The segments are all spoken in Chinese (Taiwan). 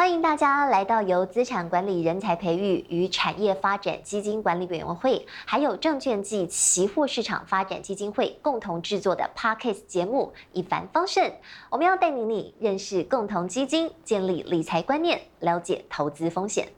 歡迎大家來到由資產管理人才培育與產業發展基金管理委員會，還有證券及期貨市場發展基金會共同制作的 Podcast 節目《一帆風順》。我們要帶領你認識共同基金，建立理財觀念，了解投資風險。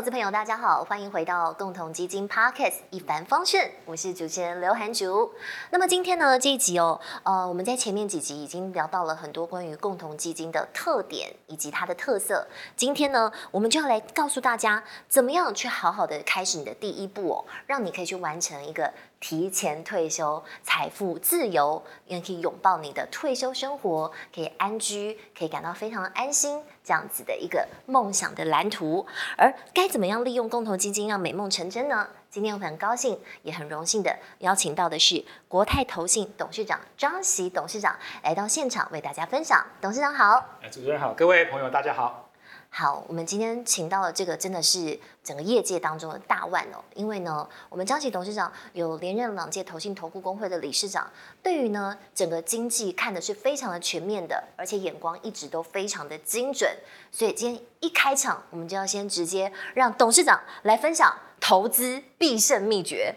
投資朋友，大家好，歡迎回到共同基金 Podcast 一帆風順，我是主持人劉涵竹。那麼今天呢這一集哦，呃我們在前面幾集已經聊到了很多關於共同基金的特點以及它的特色，今天呢我們就要來告訴大家怎麼樣去好好的開始你的第一步哦，讓你可以去完成一個。提前退休，財富自由，也可以擁抱你的退休生活，可以安居，可以感到非常安心，這樣子的一個夢想的藍圖。而該怎麼樣利用共同基金讓美夢成真呢？今天我很高興，也很榮幸的邀請到的是國泰投信董事長張錫董事長來到現場為大家分享。董事長好，欸，主持人好，各位朋友大家好。好，我們今天請到了這個真的是整個業界當中的大腕哦，因為呢，我們張錫董事長有連任兩屆投信投顧公會的理事長，對於呢整個經濟看的是非常的全面的，而且眼光一直都非常的精準，所以今天一開場，我們就要先直接讓董事長來分享投資必勝秘訣。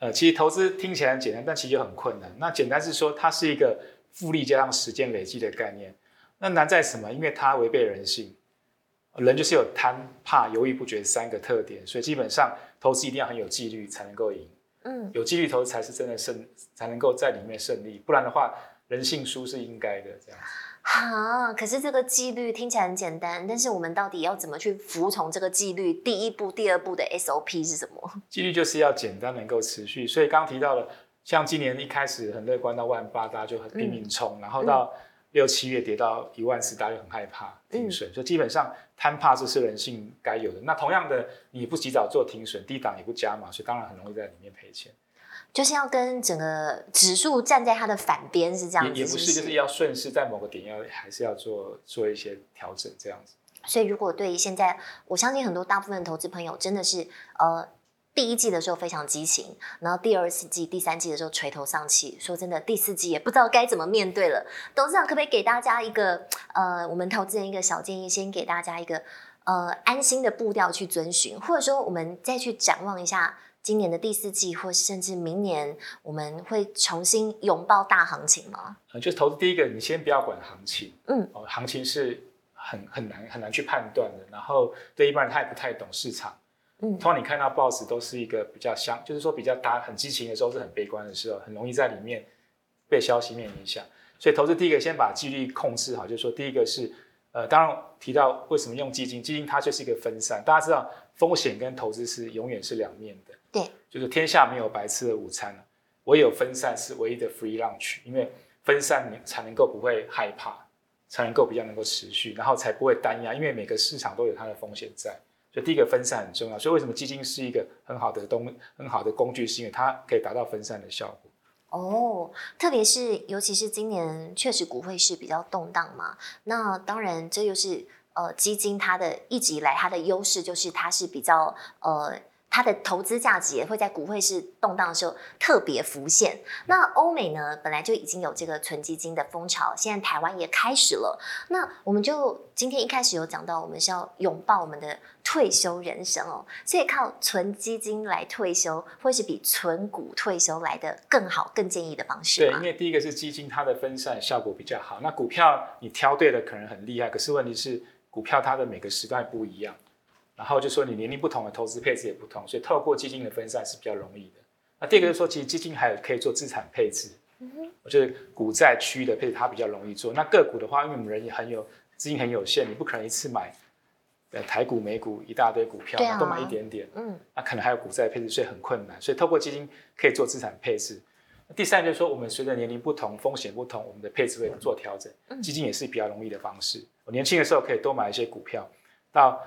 呃，其實投資聽起來簡單，但其實很困難。那簡單是說它是一個複利加上時間累積的概念，那難在什麼？因為它違背人性。人就是有貪、怕、猶豫不決的三個特點，所以基本上投資一定要很有紀律才能夠贏。嗯，有紀律投資才是真的勝，才能夠在裡面勝利。不然的話，人性輸是應該的。這樣子。好、啊，可是這個紀律聽起來很簡單，但是我們到底要怎麼去服從這個紀律？第一步、第二步的 SOP 是什麼？紀律就是要簡單，能夠持續。所以剛剛提到了，像今年一開始很樂觀，到萬八大家就很拼命衝、嗯，然後到、嗯。六七月跌到一萬四，大家很害怕停損，嗯、所以基本上貪怕這是人性該有的。那同樣的，你不及早做停損，低檔也不加碼，所以當然很容易在裡面賠錢。就是要跟整個指數站在它的反邊，是這樣子是不是？也，也不是，就是要順勢在某個點要還是要做做一些調整這樣子。所以如果對於現在，我相信很多大部分的投資朋友真的是呃。第一季的時候非常激情，然後第二四季，第三季的時候垂頭喪氣。說真的，第四季也不知道該怎麼面對了。董事長可不可以給大家一個呃，我們投資人一個小建議，先給大家一個呃安心的步調去遵循，或者說我們再去展望一下今年的第四季，或甚至明年我們會重新擁抱大行情嗎？就是投資第一個，你先不要管行情，嗯，行情是很很難很難去判斷的。然後對一般人，他也不太懂市場。通常你看到報紙都是一個比較香，就是說比較大很激情的時候是很悲觀的時候，很容易在裡面被消息面影響。所以投資第一個先把紀律控制好，就是說第一個是，呃，當然提到為什麼用基金，基金它就是一個分散。大家知道風險跟投資是永遠是兩面的，對，就是天下沒有白吃的午餐，唯有分散是唯一的 free lunch，因為分散你才能夠不會害怕，才能夠比較能夠持續，然後才不會單壓，因為每個市場都有它的風險在。就第一個分散很重要，所以為什麼基金是一個很好的東，很好的工具，是因為它可以達到分散的效果。哦，特別是尤其是今年確實股匯是比較動蕩嘛，那當然這又是呃基金它的一直以來它的優勢就是它是比較呃。它的投資價值也會在股匯市動盪的時候特別浮現。那歐美呢，本來就已經有這個存基金的風潮，現在台灣也開始了。那我們就今天一開始有講到，我們是要擁抱我們的退休人生哦，所以靠存基金來退休，會是比存股退休來的更好、更建議的方式。對，因為第一個是基金，它的分散效果比較好。那股票你挑對了，可能很厲害，可是問題是股票它的每個時代不一樣。然後就說，你年齡不同的投資配置也不同，所以透過基金的分散是比較容易的。那第二個就是說，其實基金還有可以做資產配置，我覺得股債區域的配置它比較容易做。那個股的話，因為我們人也很有資金很有限，你不可能一次買台股、美股一大堆股票嘛，都買一點點。嗯，那可能還有股債配置，所以很困難。所以透過基金可以做資產配置。第三就是說，我們隨着年齡不同，風險不同，我們的配置會做調整，基金也是比較容易的方式。我年輕的時候可以多買一些股票，到。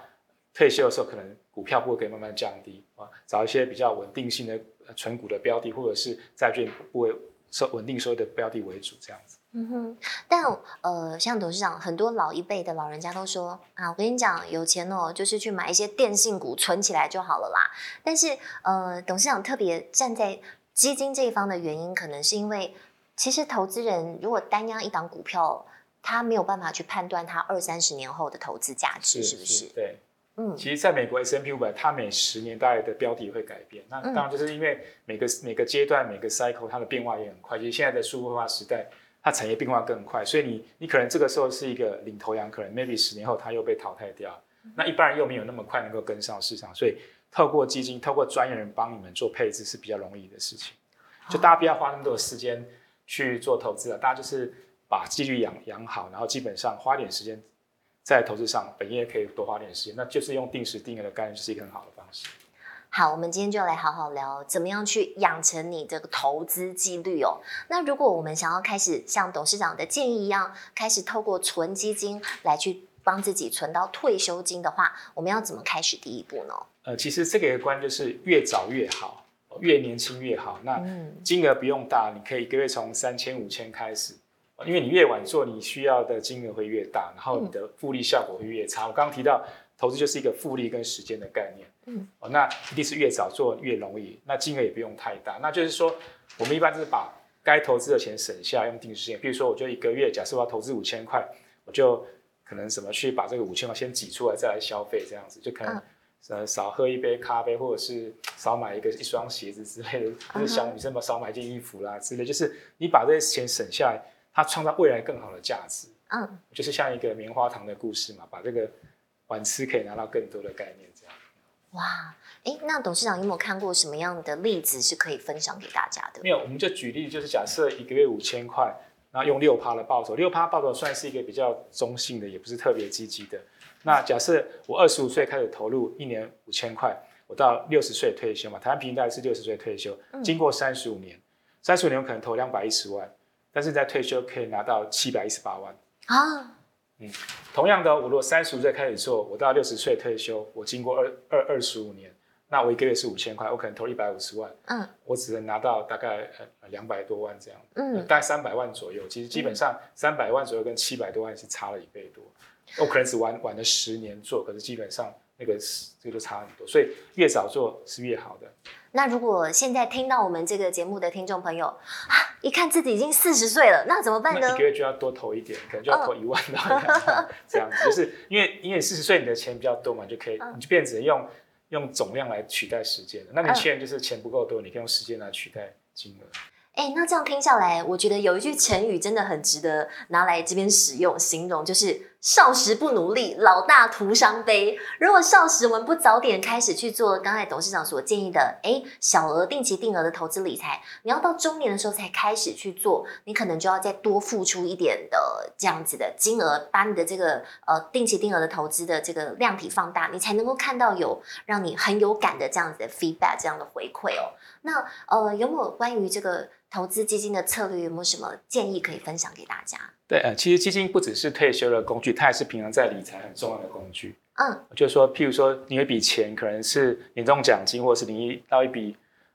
退休的時候，可能股票不會可以慢慢降低啊，找一些比較穩定性的存股的標的，或者是債券不會收穩定收益的標的為主，這樣子。嗯哼，但呃，像董事長，很多老一輩的老人家都說啊，我跟你講，有錢哦、喔，就是去買一些電信股存起來就好了啦。但是呃，董事長特別站在基金這一方的原因，可能是因為其實投資人如果單押一檔股票，他沒有辦法去判斷他二三十年後的投資價值是,是不是對。嗯，其實在美國 S&P 500，它每十年代的標題會改變。那當然，就是因為每個每個階段每個 cycle，它的變化也很快。其實現在的數字化時代，它產業變化更快，所以你你可能這個時候是一個領頭羊，可能 maybe 十年後它又被淘汰掉。那一般人又沒有那麼快能夠跟上市場，所以透過基金、透過專業人幫你們做配置是比較容易的事情。就大家不要花那麼多時間去做投資了，大家就是把紀律養養好，然後基本上花點時間。在投資上，本業可以多花點時間，那就是用定時定額的概念，是一個很好的方式。好，我們今天就來好好聊，怎麼樣去養成你這個投資紀律哦。那如果我們想要開始像董事長的建議一樣，開始透過存基金來去幫自己存到退休金的話，我們要怎麼開始第一步呢？呃，其實這個關就是越早越好，越年輕越好。那嗯，金額不用大，你可以一個月從三千、五千開始。因為你越晚做，你需要的金額會越大，然後你的複利效果會越差。嗯、我剛剛提到投資就是一個複利跟時間的概念。嗯。哦，那一定是越早做越容易，那金額也不用太大。那就是說，我們一般就是把該投資的錢省下，用定時間，比如說，我就一個月，假設我要投資五千塊，我就可能什麼去把這個五千塊先擠出來，再來消費，這樣子就可能少喝一杯咖啡，或者是少買一個一雙鞋子之類的。小女生嘛，就是、少買一件衣服啦之類的，就是你把這些錢省下來。它創造未來更好的價值，嗯，就是像一個棉花糖的故事嘛，把這個晚吃可以拿到更多的概念這樣。哇，哎，那董事長有沒有看過什麼樣的例子是可以分享給大家的？沒有，我們就舉例，就是假設一個月五千塊，然後用六趴的報酬，六趴報酬算是一個比較中性的，也不是特別積極的。那假設我二十五歲開始投入，一年五千塊，我到六十歲退休嘛，台灣平均大概是六十歲退休，嗯，經過三十五年，三十五年我可能投兩百一十萬。但是在退休可以拿到七百一十八萬啊，嗯，同樣的，我如果三十五歲開始做，我到六十歲退休，我經過二二二十五年，那我一個月是五千塊，我可能投一百五十萬，嗯，我只能拿到大概呃兩百多萬這樣，嗯，大概三百萬左右，其實基本上三百萬左右跟七百多萬是差了一倍多，我可能只晚晚了十年做，可是基本上。那個是這個就差很多，所以越早做是越好的。那如果現在聽到我們這個節目的聽眾朋友、啊、一看自己已經四十歲了，那怎麼辦呢？那一個月就要多投一點，可能就要投一萬到兩萬、嗯、 這樣子，就是因為因為四十歲你的錢比較多嘛，就可以、嗯、你就變成用用總量來取代時間。那你現在就是錢不夠多，你可以用時間來取代金額、嗯欸。那這樣聽下來，我覺得有一句成語真的很值得拿來這邊使用，形容就是。少時不努力，老大徒傷悲。如果少時我們不早點開始去做剛才董事長所建議的，誒，小額定期定額的投資理財，你要到中年的時候才開始去做，你可能就要再多付出一點的這樣子的金額，把你的這個呃定期定額的投資的這個量體放大，你才能夠看到有讓你很有感的這樣子的 feedback，這樣的回饋哦。那呃，有沒有關於這個？投資基金的策略有沒有什麼建議可以分享給大家？對，呃，其實基金不只是退休的工具，它也是平常在理財很重要的工具。嗯，就是說譬如說，你有一筆錢，可能是年終獎金，或者是你到一筆、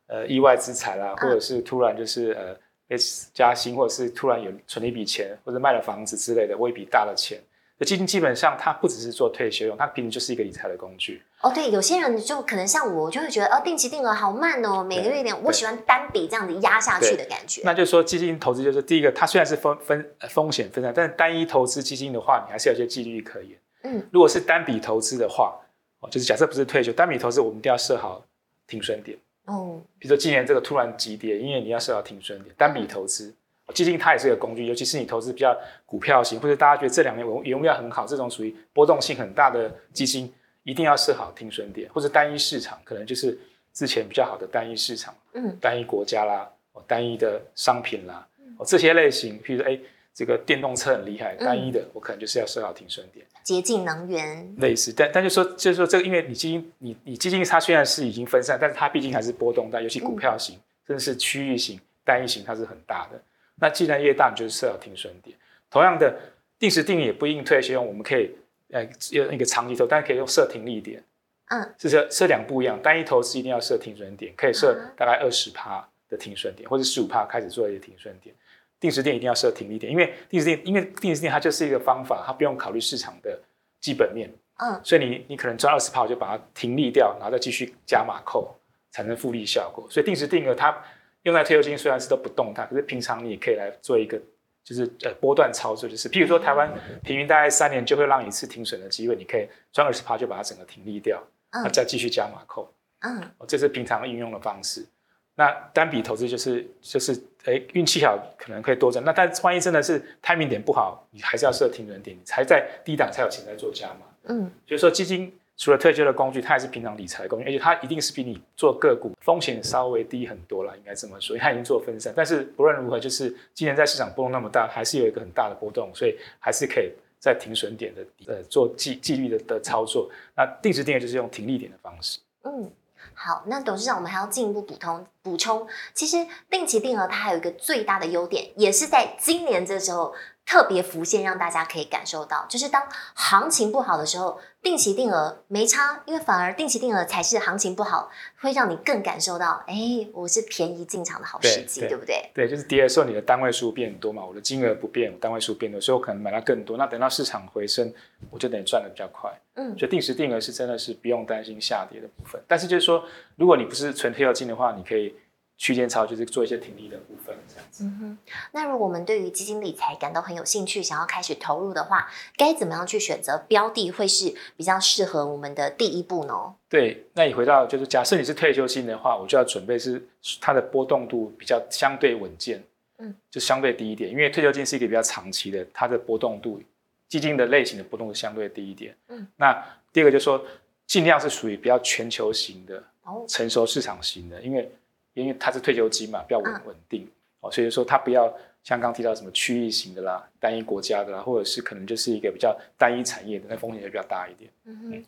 呃、意外之財啦，或者是突然就是呃、H、加薪，或者是突然有存了一筆錢，或者賣了房子之類的，我一筆大的錢。基金基本上它不只是做退休用，它平時就是一個理財的工具。哦，對，有些人就可能像我就會覺得，哦，定期定額好慢哦，每個月一點，我喜歡單筆這樣子壓下去的感覺。那就是說，基金投資就是第一個，它雖然是分分風險分散，但是單一投資基金的話，你還是有些紀律可言。嗯，如果是單筆投資的話，哦，就是假設不是退休，單筆投資我們一定要設好停損點。哦，比如說今年這個突然急跌，因為你要設好停損點，單筆投資。基金它也是一個工具，尤其是你投資比較股票型，或者大家覺得這兩年原物料很好，這種屬於波動性很大的基金，一定要設好停損點，或者單一市場，可能就是之前比較好的單一市場，嗯，單一國家啦，哦，單一的商品啦，哦、嗯，這些類型，譬如說哎，這個電動車很厲害，單一的，我可能就是要設好停損點。潔淨能源類似，但但就說就說這個，因為你基金你你基金它雖然是已經分散，但是它畢竟還是波動大，但尤其股票型，甚、嗯、至是區域型、單一型，它是很大的。那既然越大，你就是設停損點。同樣的，定時定也不應推退用，我們可以，呃，用一個長期投，但是可以用設停利點。嗯。是設兩不一樣，單一投是一定要設停損點，可以設大概二十趴的停損點或是，或者十五趴開始做一些停損點。定時定一定要設停利點，因為定時定，因為定時定它就是一個方法，它不用考慮市場的基本面。嗯。所以你你可能賺二十趴，我就把它停利掉，然後再繼續加碼扣，產生複利效果。所以定時定額它。用在退休金雖然是都不動它，可是平常你也可以來做一個，就是呃波段操作，就是譬如說台灣平均大概三年就會讓一次停損的機會，你可以賺二十趴就把它整個停利掉，那再繼續加碼扣，嗯，這是平常應用的方式。那單筆投資就是就是哎運氣好可能可以多賺，那但萬一真的是 timing 點不好，你還是要設停損點，你才在低檔才有錢在做加碼。嗯，所以、就是、說基金。除了退休的工具，它也是平常理財工具，而且它一定是比你做個股風險稍微低很多啦，應該這麼說。它已經做分散，但是不論如何，就是今年在市場波動那麼大，還是有一個很大的波動，所以還是可以在停損點的呃做紀紀律的的操作。那定時定額就是用停利點的方式。嗯，好，那董事長，我們還要進一步補充補充。其實定期定額它還有一個最大的優點，也是在今年這時候，特別浮現，讓大家可以感受到，就是當行情不好的時候，定期定額沒差，因為反而定期定額才是行情不好會讓你更感受到，哎、欸，我是便宜進場的好時機，對不對？對，對就是跌的時候你的單位數變很多嘛，我的金額不變，我單位數變多，所以我可能買了更多。那等到市場回升，我就等於賺的比較快。嗯，所以定時定額是真的是不用擔心下跌的部分。但是就是說，如果你不是純退休金的話，你可以。區間操就是做一些停利的部分，這樣子。嗯哼。那如果我們對於基金理財感到很有興趣，想要開始投入的話，該怎麼樣去選擇標的會是比較適合我們的第一步呢？對，那你回到就是假設你是退休金的話，我就要準備是它的波動度比較相對穩健，嗯，就相對低一點，因為退休金是一個比較長期的，它的波動度，基金的類型的波動相對低一點，嗯。那第二個就是說儘量是屬於比較全球型的，哦，成熟市場型的，因為。因為它是退休金嘛，比較穩、嗯、穩定哦，所以說它不要像剛提到什麼區域型的啦、單一國家的啦，或者是可能就是一個比較單一產業的，那風險也比較大一點。嗯，嗯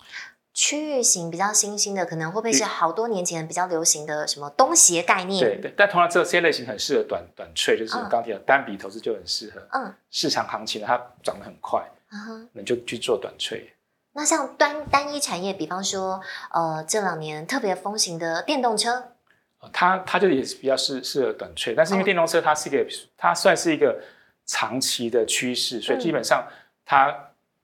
區域型比較新興的，可能會不會是好多年前比較流行的、嗯、什麼東協概念，對對。但同樣，這些類型很適合短短脆，就是剛，剛提到單筆投資就很適合。嗯。市場行情它漲得很快，嗯你就去做短脆。那像單單一產業，比方說、呃，這兩年特別風行的電動車。它它就也是比較適適合短期，但是，因為電動車它是一個，它算是一個長期的趨勢，所以基本上它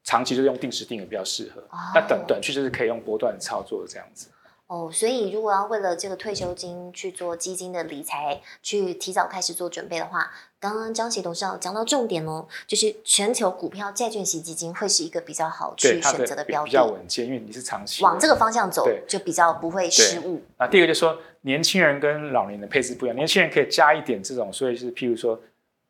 長期就是用定時定額比較適合，那短短期就是可以用波段的操作這樣子。哦，所以如果要為了這個退休金去做基金的理財，嗯，去提早開始做準備的話，剛剛張錫董事長講到重點哦，就是全球股票債券型基金會是一個比較好去選擇的標的。對，比較穩健，因為你是長期往這個方向走，就比較不會失誤。那第二個就是說，年輕人跟老年的配置不一樣，年輕人可以加一點這種，所以是譬如說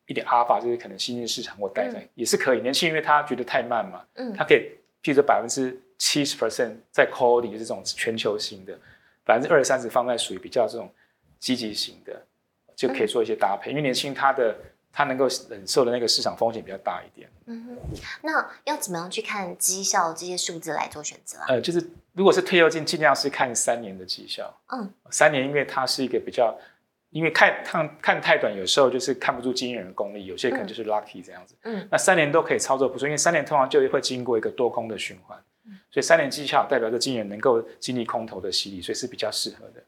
一點阿爾法，就是可能新興市場或帶來也是可以。年輕人因為他覺得太慢嘛，嗯，他可以譬如說百分之。七十 percent 在 core 裡，就是這種全球型的，百分之二三十放在屬於比較這種積極型的，就可以做一些搭配。嗯、因為年輕他的他能夠忍受的那個市場風險比較大一點。嗯哼，那要怎麼樣去看績效這些數字來做選擇啊？呃，就是如果是退休金，盡量是看三年的績效。嗯，三年因為它是一個比較，因為看看看太短，有時候就是看不出經營的功力，有些可能就是 lucky 這樣子。嗯，那三年都可以操作不錯，因為三年通常就會經過一個多空的循環。所以三年績效代表着今年能夠經歷空頭的洗禮，所以是比較適合的。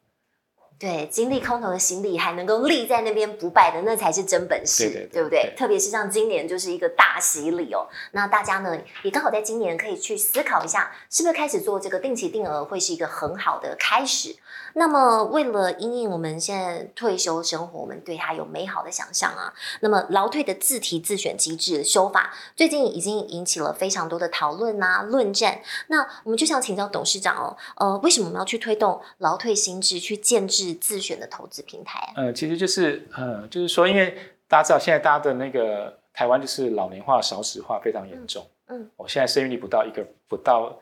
對，經歷空頭的洗禮，還能夠立在那邊不敗的，那才是真本事，對，對，對，對不對，對？特別是像今年，就是一個大洗禮哦。那大家呢，也剛好在今年可以去思考一下，是不是開始做這個定期定額，會是一個很好的開始。那麼，為了因應我們現在退休生活，我們對它有美好的想象啊。那麼，勞退的自提自選機制修法，最近已經引起了非常多的討論吶、啊、論戰。那我們就想請教董事長哦，呃，為什麼我們要去推動勞退新制去建制？自選的投資平台、啊，嗯，其實就是，呃、嗯，就是說，因為大家知道，現在大家的那個台灣就是老年化、少子化非常嚴重，嗯，我、嗯、現在生育率不到一個，不到，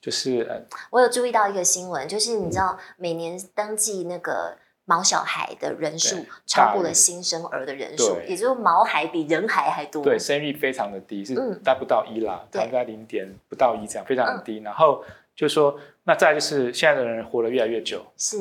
就是、嗯，我有注意到一個新聞，就是你知道，每年登記那個毛小孩的人數超過了新生兒的人數、嗯，也就是毛孩比人孩還多，對，生育率非常的低，是達不到一啦，嗯、大概零點不到一這樣，非常的低、嗯。然後就是說，那再就是現在的人活得越來越久，是。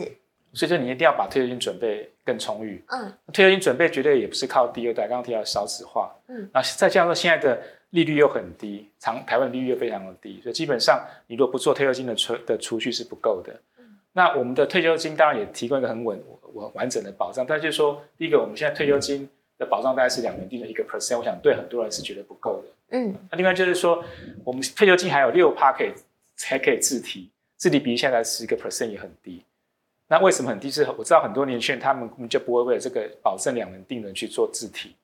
所以說，你一定要把退休金準備更充裕。嗯，退休金準備絕對也不是靠第二代。剛剛提到少子化，嗯，那再加上說現在的利率又很低，長台灣利率又非常的低，所以基本上你如果不做退休金的儲的儲蓄是不夠的。嗯。那我們的退休金當然也提供一個很穩、完完整的保障，但是就是說，第一個，我們現在退休金的保障大概是兩年，定的一個 percent，我想對很多人是絕對不夠的。嗯，那另外就是說，我們退休金還有六趴可以才可以自提，自提比現在是一個 percent 也很低。那為什麼很低？是我知道很多年輕人他們根本就不會為了這個保證兩人定額去做自提，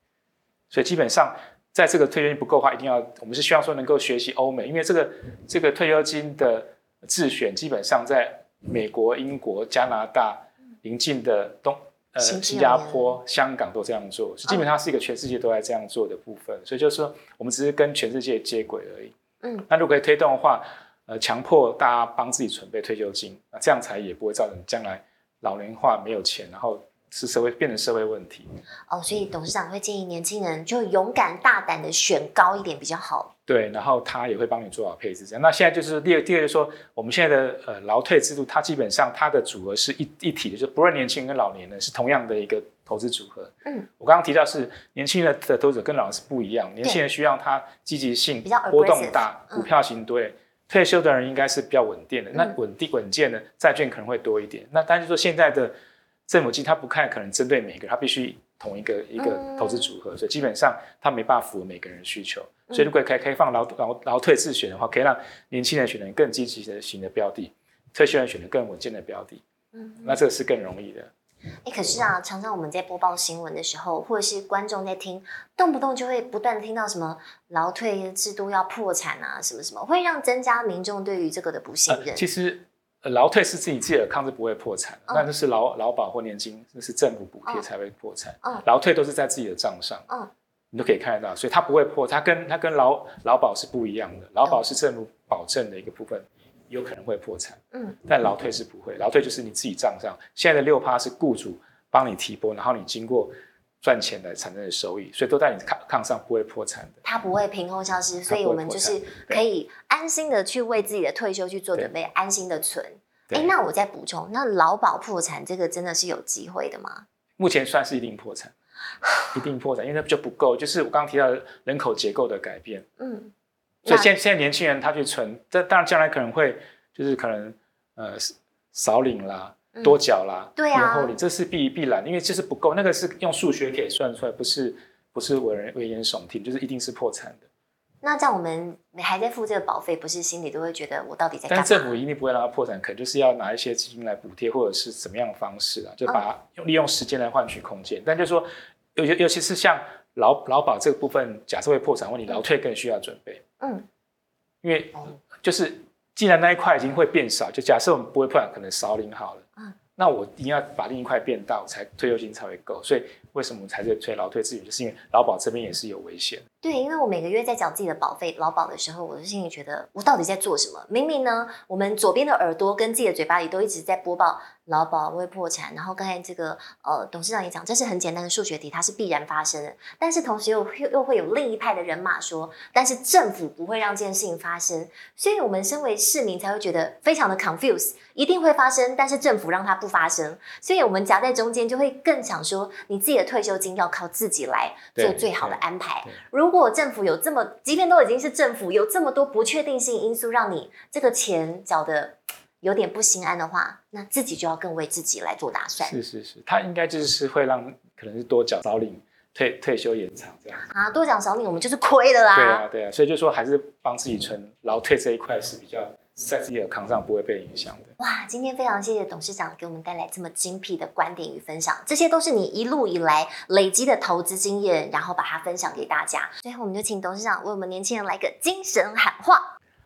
所以基本上在這個退休金不夠的話，一定要我們是希望說能夠學習歐美，因為這個這個退休金的自選基本上在美國、英國、加拿大鄰近的東呃新加坡、香港都這樣做，基本上是一個全世界都在這樣做的部分，所以就是說我們只是跟全世界接軌而已。嗯，那如果可以推動的話。呃，強迫大家幫自己準備退休金，那這樣才也不會造成將來老齡化沒有錢，然後是社會變成社會問題。哦，所以董事長會建議年輕人就勇敢大膽的選高一點比較好。嗯、對，然後他也會幫你做好配置。這樣，那現在就是第二，第二就是說，我們現在的呃勞退制度，它基本上它的組合是一一體的，就是不論年輕人跟老年人是同樣的一個投資組合。嗯，我剛剛提到是年輕人的投資者跟老人是不一樣，年輕人需要他積極性，波動大，嗯、股票型對。退休的人應該是比較穩定的，那穩定穩健的債券可能會多一點。那但是說現在的政府基金，他不太可能針對每個人，他必須同一個一個投資組合，所以基本上他沒辦法符合每個人的需求。所以如果開開放勞勞退自選的話，可以讓年輕人選擇更積極的型的標的，退休人選擇更穩健的標的，嗯，那這個是更容易的。哎，可是啊，常常我們在播報新聞的時候，或者是觀眾在聽，動不動就會不斷聽到什麼勞退制度要破產啊，什麼什麼，會讓增加民眾對於這個的不信任。呃、其實、呃，勞退是自己自己的，肯定是不會破產。哦、那就是勞勞保或年金，那、就是政府補貼才會破產。嗯、哦，勞退都是在自己的賬上，嗯、哦，你都可以看得到，所以它不會破。它跟它跟勞勞保是不一樣的，勞保是政府保證的一個部分。哦有可能會破產，嗯，但勞退是不會，嗯、勞退就是你自己賬上現在的六趴是雇主幫你提撥，然後你經過賺錢來產生的收益，所以都在你帳上，不會破產的。它不會憑空消失、嗯，所以我們就是可以安心的去為自己的退休去做準備，安心的存。誒、欸，那我再補充，那勞保破產這個真的是有機會的嗎？目前算是一定破產， 一定破產，因為那不就不夠，就是我剛剛提到的人口結構的改變，嗯。所以現現在年輕人他去存，但當然將來可能會就是可能呃少領啦，多繳啦，然、嗯啊、後你這是必必然的，因為這是不夠，那個是用數學可以算出來，不是不是人危言聳聽，就是一定是破產的。那在我們還在付這個保費，不是心裡都會覺得我到底在？但政府一定不會讓它破產，可能就是要拿一些資金來補貼，或者是什麼樣的方式啊，就把它利用時間來換取空間，嗯。但就是說尤其尤其是像。勞勞保這個部分，假設會破產，問你勞退更需要準備。嗯，因為就是既然那一塊已經會變少，就假設我們不會破產，可能少領好了。嗯，那我一定要把另一塊變大，我才退休金才會夠。所以。為什麼我們才在催勞退自選？就是因為勞保這邊也是有危險。對，因為我每個月在繳自己的保費勞保的時候，我的心裡覺得我到底在做什麼？明明呢，我們左邊的耳朵跟自己的嘴巴裡都一直在播報勞保會破產。然後剛才這個呃董事長也講，這是很簡單的數學題，它是必然發生的。但是同時又又又會有另一派的人馬說，但是政府不會讓這件事情發生。所以我們身為市民才會覺得非常的 confuse，一定會發生，但是政府讓它不發生。所以我們夾在中間就會更想說，你自己的。退休金要靠自己來做最好的安排。如果政府有這麼，即便都已經是政府有這麼多不確定性因素，讓你這個錢繳得有點不心安的話，那自己就要更為自己來做打算。是是是，他應該就是會讓可能是多繳少領退退休延長這樣啊，多繳少領，我們就是虧的啦。對啊對啊，所以就說還是幫自己存勞退這一塊是比較。在自己頭上不會被影響的。哇，今天非常謝謝董事長給我們帶來這麼精闢的觀點與分享，這些都是你一路以來累積的投資經驗，然後把它分享給大家。最後我們就請董事長為我們年輕人來個精神喊話。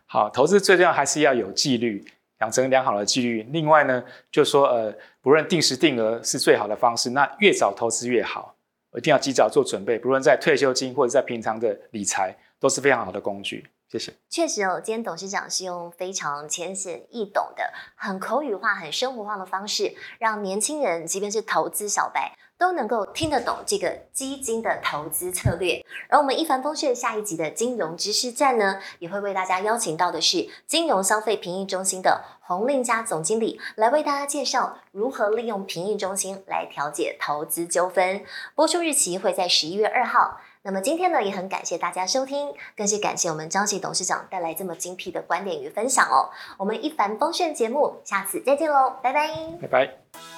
好，投資最重要還是要有紀律，養成良好的紀律。另外呢，就說呃，不論定時定額是最好的方式，那越早投資越好，一定要及早做準備。不論在退休金或者在平常的理財，都是非常好的工具。謝謝。確實哦，今天董事長是用非常淺顯易懂的、很口語化、很生活化的方式，讓年輕人，即便是投資小白，都能夠聽得懂這個基金的投資策略。而我們一帆風順下一集的金融知識站呢，也會為大家邀請到的是金融消費評議中心的洪令佳總經理，來為大家介紹如何利用評議中心來調解投資糾紛。播出日期會在十一月二號。那麼今天呢，也很感謝大家收聽，更是感謝我們張錫董事長帶來這麼精闢的觀點與分享哦。我們一帆風順節目，下次再見嘍，拜拜。拜拜。